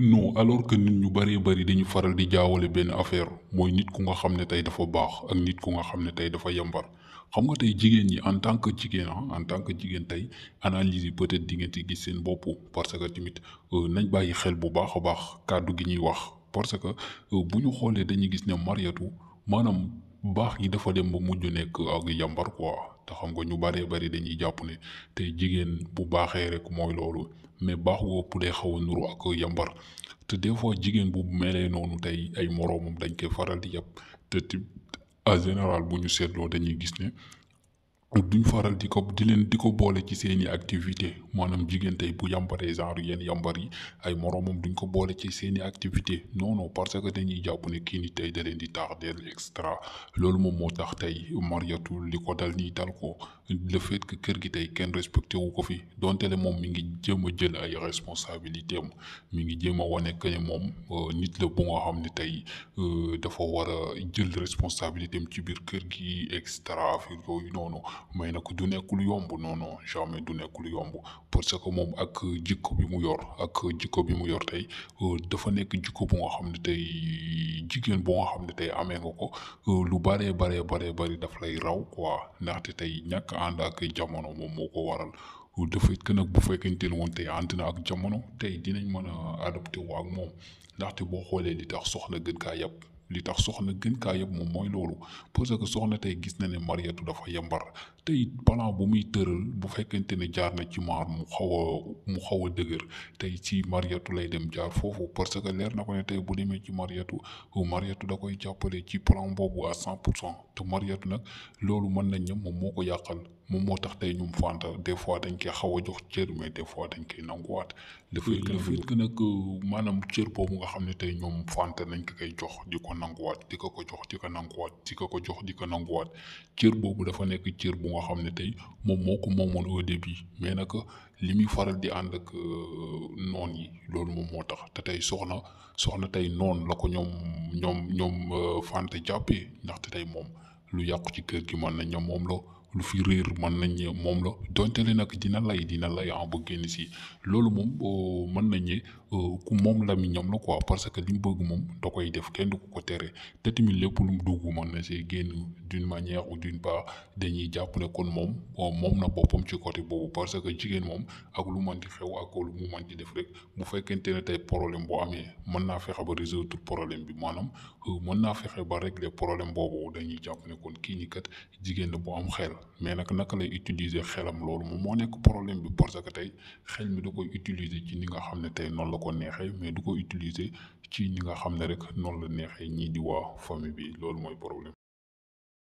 non alors que nit ñu bëree bëri dañu faral di jaawale benn affaire mooy nit ku nga xam ne tey dafa baax ak nit ku nga xam ne tey dafa yambar xam nga tey jigéen ñi en tant que jigéen ah en tant que jigéen tey analyse yi peut-être di ngeen ci gis seen bopp parce que tamit euh, nañ bàyyi xel bu baax a baax kàddu gi ñuy wax parce que euh, bu ñu xoolee dañuy gis ne Mariétou maanaam baax gi dafa dem ba mujj nekk ak yambar quoi te xam nga ñu baree bari dañuy jàpp ne te jigéen bu baaxee rek mooy loolu mais baax wopp day xaw a nuru ak yambar te des fois jigéen bu melee noonu tey ay moroomam dañ koy faral di yàpp te en général bu ñu seetloo dañuy gis ne duñ faral di ko di leen di ko boole ci seeni activité maanaam jigéen tey bu yambaree genre yenn yambar yi ay moroomam duñ ko boole ci seeni activité non non parce que dañuy jàpp ne kii ni tey da leen di tardeel extra loolu moom moo tax tey Mariatu li ko dal nii dal ko le fait kër gi tey kenn respecté wu ko fi donte le moom mi ngi jéem a jël ay responsabilité am mi ngi jéem a wane que moom euh, nit la bu nga xam ni tey euh, dafa war a jël responsabilité ci biir kër gi extra noonu mais nag du nekk yomb non non jamais du nekk lu yomb parce que moom ak jikko bi mu yor ak jikko bi mu yor tey euh, dafa nekk jikko bu nga xam ne tey jigéen bu nga xam ne tey amee nga ko euh, lu baree baree baree bari daf lay raw quoi ndaxte tey ñàkk ànd ak jamono moom moo ko waral. dafa it nag bu fekkente ne woon tey ànd na ak jamono tey dinañ mën a adopté wu ak moom ndaxte boo xoolee li tax soxna gën kaa yàpp li tax soxna gën kaa yëpp moom mooy loolu parce que soxna tey gis na ne Mariétou dafa yembar tey plan bu muy tëral bu fekkente ne jaar na ci maar mu xaw a mu xaw a dëgër tey ci Mariétou lay dem jaar foofu parce que leer na ko ne tey bu demee ci Mariétou euh, Mariétou da koy jàppale ci plan boobu à cent pour cent te Mariétou nag loolu mën nañ ñëw moom moo ko yàqal moom moo tax tey ñum Fanta des fois dañ koy xaw a jox cër mais des fois dañ koy nanguwaat. le fait que le fait que nag euh, maanaam cër boobu nga xam ne tey ñoom Fanta nañ ko koy jox di ko nanguwaat di ko ko jox di ko nanguwaat di ko ko jox di ko nanguwaat cër boobu dafa nekk cër bu nga xam ne tey moom moo ko moomoon au début mais nag li muy faral di ànd ak euh, noon yi loolu moom moo tax te tey soxna soxna tey noon la ko ñoom ñoom ñoom euh, Fanta jàppee ndaxte tey moom lu yàqu ci kër gi mën na ñoom moom la. lu fi réer mën nañ moom la donte ne nag dina lay dina lay ah ba génn si loolu moom oh, mën na ne Euh, ku moom làmmiñam la quoi parce que li bëgg moom da koy def kenn du ko ko tere te tamit lépp lu mu dugg mën na see génn d'une manière d'une part dañuy jàpp ne kon moom moom na boppam ci côté boobu parce que jigéen moom ak lu man di xew ak lu mu man ne tey problème boo amee mën naa fexe ba euh, naa fexe ba régler problème boobu dañuy jàpp ne kon kii ni kat jigéen bu am xel mais nag naka lay utiliser xelam loolu moom moo nekk problème bi parce que tey xel mi da koy utiliser ci ni nga xam ne tey noonu la la ko neexee mais du ko utiliser ci ni nga xam ne rek noonu la neexee ñii di waa famille bi loolu mooy problème.